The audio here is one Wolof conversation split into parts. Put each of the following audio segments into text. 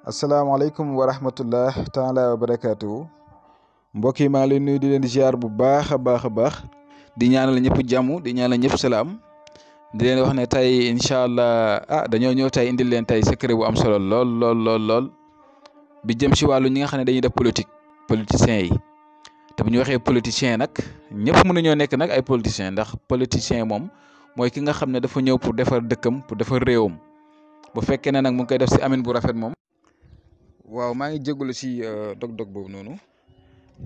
asalaamaaleykum wa rahmatullah taala wa barakaatu mbokk yi ma ngi leen nuyu di leen ziar bu baax a baax di ñaanal ñepp jamu di ñaanal ñepp salam di leen wax ne tay inshallah ah dañoo ñew tay indi leen tay secret bu am solo lol lol lol lol bi jëm ci walu ñi nga xamne dañuy def politique politiciens yi te bu ñu waxe politiciens nak ñepp mënu ñoo nek nak ay politiciens ndax politiciens mom moy ki nga xamne dafa ñew pour défar dëkkam pour défar réewam bu fekkene nak mu ngi koy def ci amine bu rafet mom waaw maa ngi jégalu si euh, dog-dog boobu noonu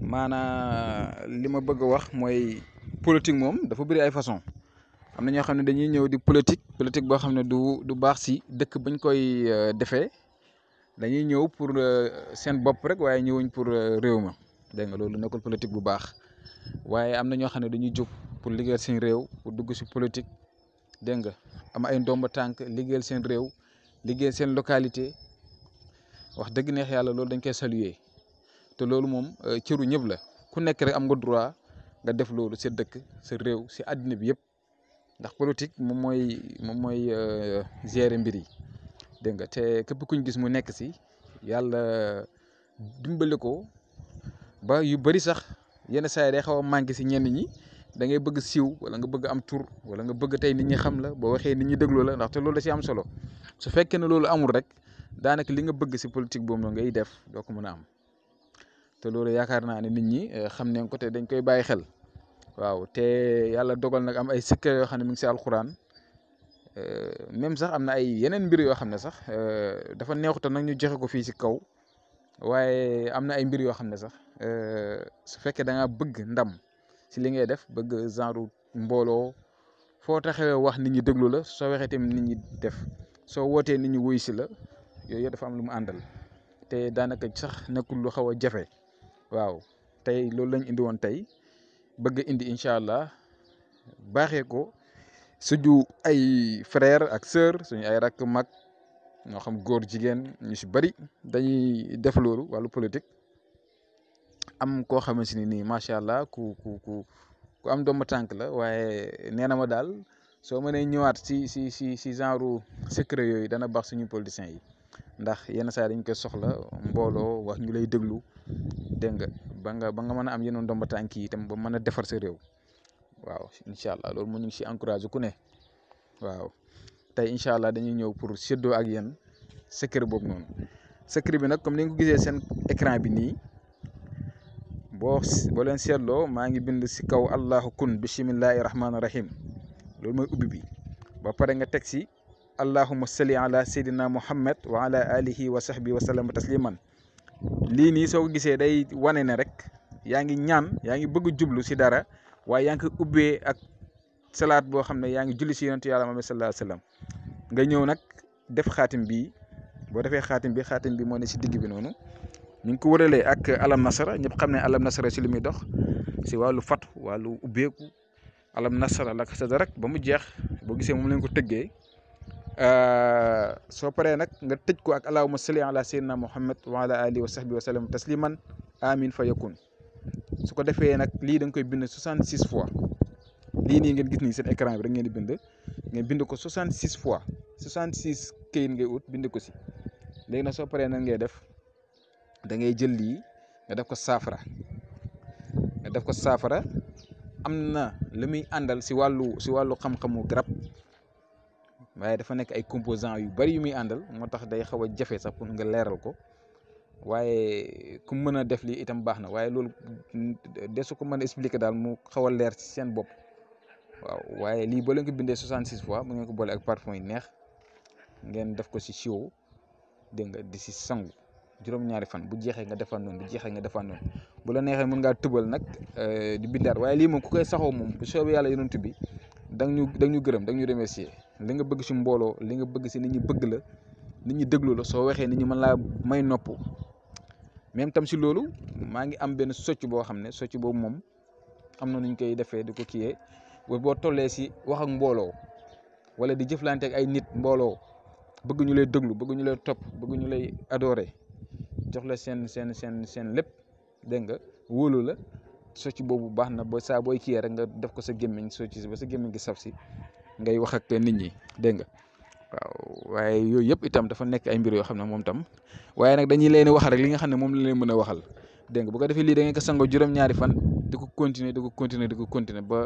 maanaa li bëgg wax politique moom dafa bëri ay façon am na ñoo dañuy ñëw di politique politique boo xam du du baax si dëkk bañ koy euh, defee dañuy ñëw pour euh, seen bopp rek waaye pour réew ma dégg loolu politique bu baax waaye am na ñoo dañuy jóg pour liggéeyal seen réew pour dugg politique dégg am ay ndomba tànk liggéeyal seen localité wax dëgg neex yàlla loolu dañ koy saluer te loolu moom euh, cëru ñëpp la ku nekk rek am nga droit nga def loolu sa dëkk sa réew si àddina bi yëpp ndax politique moom mooy moom mooy euh, gérer mbir yi dégg nga te képp kuñ gis mu nekk si yàlla euh, dimbali ko ba yu bari sax yenn saa yi day xaw a manqué si ñenn ñi da ngay bëgg siw wala nga bëgg am tur wala nga bëgg tey nit ñi xam la boo waxee ni ñi déglu la ndax te loolu da si am solo su fekkee ne loolu amul rek. daanaka li nga bëgg si politique boobu ngay def doo ko mën a am te loolu yaakaar naa ne nit ñi eh, xam nañ ko te dañ koy bàyyi xel waaw te yàlla dogal nag am ay secret yoo xam ne mi ngi si alxuraan eh, même sax am na ay yeneen mbir yoo xam ne sax eh, dafa neexuta nag ñu joxe ko fii si kaw waaye am na ay mbir yoo xam ne sax su fekkee da nga bëgg ndam si li ngay def bëgg genre mbooloo foo taxawee wax nit ñi déglu la soo waxee tamit nit ñi def soo wootee nit ñi wuy si la yooyu dafa am lu mu àndal te daanaka sax nekkul lu xaw a jafe waaw tey loolu lañ indi woon tey bëgg indi incha allah baaxee ko suju ay frère ak sœur suñu ay rakk mag ñoo xam góor jigéen ñu si bëri dañuy def loolu wàllu politique am koo xamante ni nii macha allah ku ku ku ku am dooma tànk la waaye nee na ma daal soo mënee ñëwaat si si si si genre secret yooyu dana baax suñu politiciens yi. ndax yenn saa dañ koy soxla mbooloo wax ñu lay déglu dégg nga ba nga ba nga mën a am yenn ndomba tànk yi itam ba mën a defar sa réew waaw incha allah loolu moo ñu si encouragé ku ne waaw tey incha allah dañuy ñëw pour séddoo ak yéen secret boobu noonu secret bi nag comme ni nga ko gisee seen écran bi nii boo boo leen seetloo maa ngi bind si kaw allahu kun bisimilahi rahmaani rahim loolu mooy ubbi bi ba pare nga teg si allahuma salli ala sayyidina muhammad wa ala alihi wa sahbi wa sallam tasliman lii nii soo ko gisee day wane ne rek yaa ngi ñaan yaa ngi bëgg jublu si dara waaye yaa ngi ko ubbee ak salaat boo xam ne yaa nga ñëw nag def xaatim bii boo defee xaatim bi xaatim bi moo ne si digg bi noonu ñu ko wëralee ak alam nasara ñëpp xam alam nasara si li muy dox si wàllu fatu wàllu ubbeeku alam nasara la ko sa rek ba mu jeex boo gisee moom lañ ko tëggee Eh, so paree nak nga tejj ko ak allahumma salli ala sayyidina muhammad wa ala alihi wa sahbihi wa sallam tasliman amin fa yakun suko defé nak li dang koy bind 66 fois li ni ngeen gis ni sen écran bi rek ngeen di bind ngeen bind ko 66 fois 66 keen ngay ut bind ko si léegi nag soo paree nan ngay def da ngay jël li nga def ko safara nga def ko safara amna na andal ci walu ci walu xam-xamu garab waaye dafa nekk ay composant yu bari yu muy àndal moo tax day xaw a jafe sax pour nga leeral ko waaye ku mën a def lii itam baax na waaye loolu desu ko mën a expliquer daal mu xaw a leer si seen bopp waaw waaye lii boo leen ko bindee 66 fois mu ngeen ko boole ak parfum yi neex ngeen def ko si siwo dégg nga di si sangu juróom-ñaari fan bu jeexee nga defaan noonu bu jeexee nga defaan noonu bu la neexee mën ngaa tëbal nag euh, di bindaat waaye lii moom ku koy saxoo moom bu soobee yàlla yonent bi dang ñu dang ñu gërëm dang ñu remercier li nga bëgg si mbooloo li nga bëgg si nit ñi bëgg la nit ñi déglu la soo waxee nit ñi man laa may nopp même tam si loolu maa ngi am benn socc boo xam ne socc boobu moom am na nu koy defee di ko kiiyee boo tollee si wax ak mbooloo wala di jëflante ay nit mbooloo bëgg ñu déglu bëgg ñu lay topp lay adorer jox la seen seen seen seen lépp dégg nga wóolu la socc boobu baax na ba saa booy kiiyee rek nga def ko sa gémmiñ socc si ba sa gémmiñ gi saf si ngay wax ak nit ñi dégg nga waaw waye yoy yep itam dafa nek ay mbir yo xamne mom tam waye nak dañuy leen wax rek li nga xamne mom la leen mëna waxal dégg bu ko defee li da ngay ko sango juroom ñaari fan diko continuer diko continuer diko continuer ba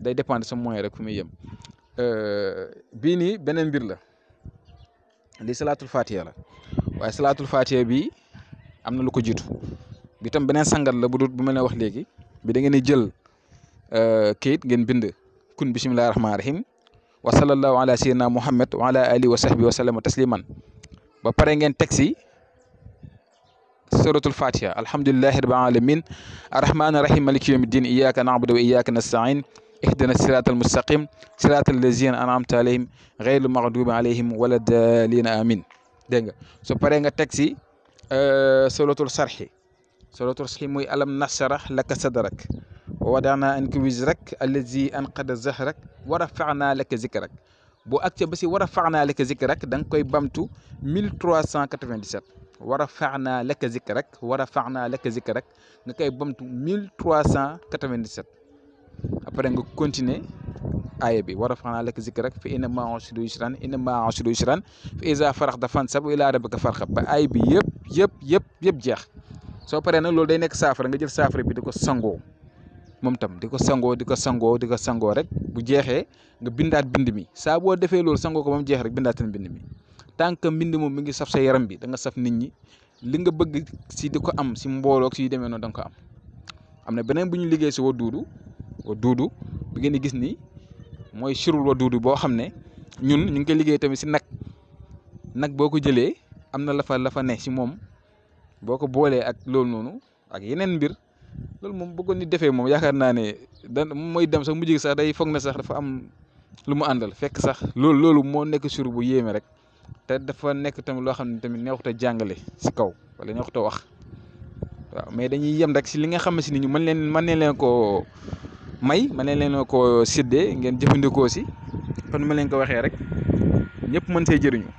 day dépendre sa moyen rek fumuy yëm euh bi ni benen mbir la li salatul fatiha la waye salatul fatiha bi amna lu ko jitu bi tam benen sangal la bu dul bu melni wax léegi bi da ngay ni jël euh, kayit ngeen bind kun bismillahir rahmanir rahim وصلى الله على سيدنا محمد وعلى اله وصحبه وسلم تسليما با بار نين تكسي سوره الفاتحه الحمد لله رب العالمين الرحمن الرحيم مالك يوم الدين اياك نعبد واياك نستعين اهدنا الصراط المستقيم صراط الذين انعمت عليهم غير المغضوب عليهم ولا الضالين امين دينغ سو بار نين تكسي سوره الصرح سوره الصرح موي الم نشرح لك صدرك ووضعنا عنك وزرك الذي انقذ زهرك ورفعنا لك ذكرك بو اكتي بس ورفعنا لك ذكرك دنكوي بامتو 1397 ورفعنا لك ذكرك ورفعنا لك ذكرك نكاي بامتو 1397 ابري نكو كونتيني آية بي ورفعنا لك ذكرك فإنما عشر يسران إنما عشر يسران فإذا فرق دفن سب إلى ربك فرق بآية بي يب يب يب يب جاخ سو بري نو لول دي نك سافر نجل سافر بي دكو سنغو mom tam di ko diko di ko sango rek bu jexé nga bindat bind mi sa bo defé loolu sango ko bam jex rek bindaat bind mi tank bind mom mi ngi saf sa yaram bi da nga saf nit ñi li nga bëgg ci diko am ci mbolo si ci démé da ko am. am na beneen bu ñu wa dudu wa dudu bi ngeen gis ni moy shirul wa dudu bo xamné ñun ñu ngi liggé tamit ci nak nak boko jëlé amna am na la fa la fa ne ak loolu nonu ak yenen mbir loolu mom bu ko nit defee moom yaakaar naa ne dan mooy dem sax mujj sax day fogné sax dafa am lu mu àndal fekk sax loolu lolou mo nek sur bu yéme rek té dafa nek tam lo xamné tamit neex ta jàngale ci kaw wala neex ta wax waaw mais dañuy yem rek si li nga xam ci ni ñu man leen man leen ko may man leen ko sédé ngeen jëfëndiko ci kon ma leen ko waxé rek ñëpp mën sé jëriñu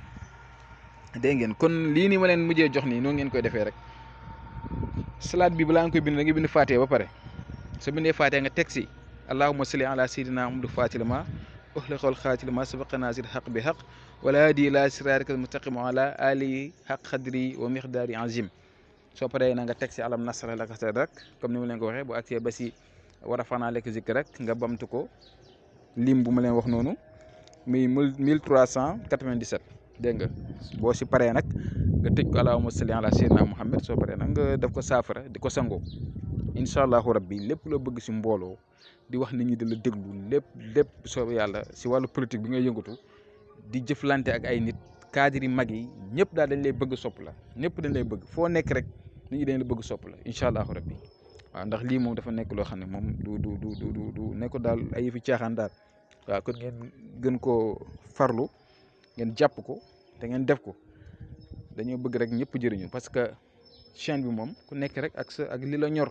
dé ngeen kon li ni ma leen mujjé jox ni no ngeen koy défé rek. salat bi balaa nga bind da nga bind faatee ba pare so bindé faatee nga teg allahumma salli ala sayidina Muhammad fatilma ma uxliqa wal xaatil ma sabaqa naasir xaq bi xaq wala hadi ila siraatika mustaqim ala ali xaq khadri wa miqdari azim so pare na nga teg alam nasra la laka sadrak comme ni len ko waxe bu agsee ba si war a fanaa lekk rek nga bamtu ko lim bu ma len wax noonu mi 1397 Denga, bosi boo si paree nag nga tëj ko allahumma salli ala sayyidina Muhammad so paree nak nga def ko safara di sango inshallah rabbi lepp lo bëgg ci mbolo di wax nit ñi di la déglu lépp lépp soo yàlla si politique bi nga yëngutu di jëflanté ak ay nit cadre yi mag yi ñëpp daal dañ lay bëgg sopp la ñepp dañ lay bëgg fo nek rek nit ñi dañ la bëgg sopp la inshallah rabbi wa ndax li moom dafa nek lo xamne moom du du du du du nek daal ay fi caaxaan daal wa kon ngeen gën ko farlu ngeen japp ko te ngeen def ko dañoo bëgg rek ñëpp jëriñu parce que chaîne bi moom ku nekk rek ak sa ak li la ñor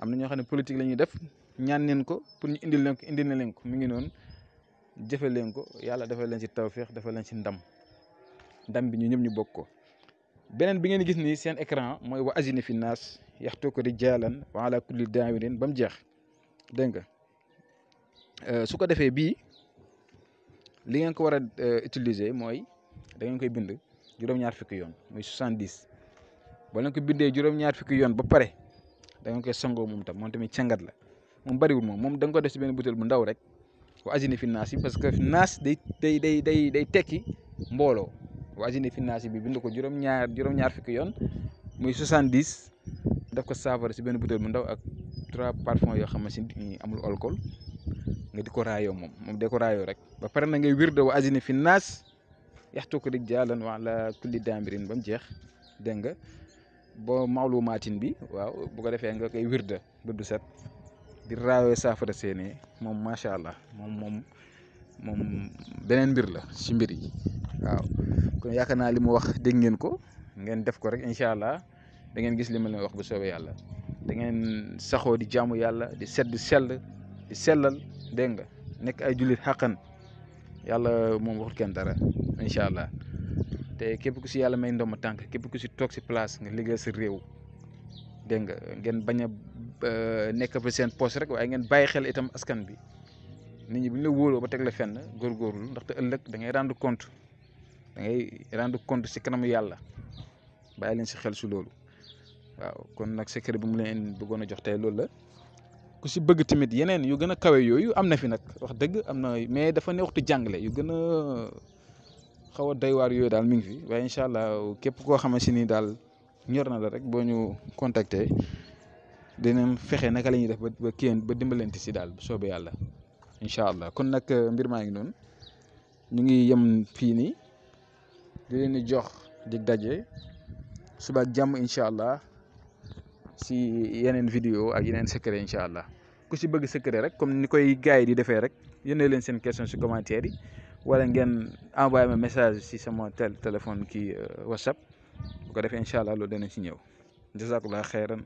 am na ñoo xam ne politique la ñuy def ñaan neen ko pour ñu indil leen indi indil na leen ko mu ngi noon jëfe leen ko yàlla dafa leen ci tawféex dafa leen si ndam ndam bi ñu ñëpp ñu bokk ko. beneen bi ngeen gis nii seen écran mooy wa azina fi naas yaxtu ko rijaalan wa ala kulli daawirin ba mu jeex dégg nga euh, su ko defee bi li ngeen ko war a euh, utiliser mooy. da ngeen koy bind juróom-ñaar fukki yoon muy soixante-dix boo leen ko bindee juróom-ñaar fukki yoon ba pare da ngeen koy sangoo moom tam moom tamit cangat la moom bariwul moom moom da nga def si benn butéel bu ndaw rek wa azini fi naas yi parce que naas day day day day day teki mbooloo wa azini fi naas bi bind ko juróom-ñaar juróom-ñaar fukki yoon muy soixante-dix daf ko saafara si benn butéel bu ndaw ak trois parfums yoo xam amul alcool nga diko ko raayoo moom moom de rek ba pare na ngay wirde wa azini fi yaxtuku rijaalan wa ala kulli daamirin bam mu jeex bo nga ba mawlumaatin bi waaw bu ko defee nga koy wirda ba set di raawee saafara seeni moom macha allah moom moom moom beneen mbir la ci mbir yi waaw kon yaakaar naa li wax dégg ngeen ko ngeen def ko rek allah da ngeen gis li wax bu soobee da ngeen di jamu yalla di sedd sel di selal denga nga nek ay julit yàlla moom waxul kenn dara incha allah te képp ku si yàlla may ndoom tànk képp ku si toog si place nga liggéeyal si réew dégg nga ngeen bañ a euh, nekk fa seen poste rek waaye ngeen bàyyi xel itam askan bi nit ñi bu ñu la wóoloo ba teg la fenn góorgóorlu ndaxte ëllëg da ngay rendre compte da ngay rendre compte si kanamu yàlla bàyyi leen si xel si loolu waaw kon nag secret bi mu leen bëggoon a jox tey loolu la. ku si bëgg tamit yeneen yu gën a kawe yooyu am na fi nag wax dëgg am na mais dafa neex tu jàngale yu gën a xaw a doy waar yooyu daal mi ngi fi waaye incha allah képp koo xamante si ni daal ñor na la rek boo ñu contacter dinañ fexe naka lañuy ñuy def ba kiyeen ba dimbalante si daal bu soobee yàlla incha allah kon nag eh, mbir maa ngi noonu ñu ngi yem fii nii di leen di jox dig daje suba ak jàmm incha allah. si yeneen vidéo ak yeneen secret incha allah ku si bëgg secret rek comme ni koy gars yi di defee rek yónnee leen seen question si commentaire yi wala ngeen envoyé ma message si sama tel téléphone kii euh, whatsapp bu ko defee incha allah loolu dana si ñëw jazakallah xeyran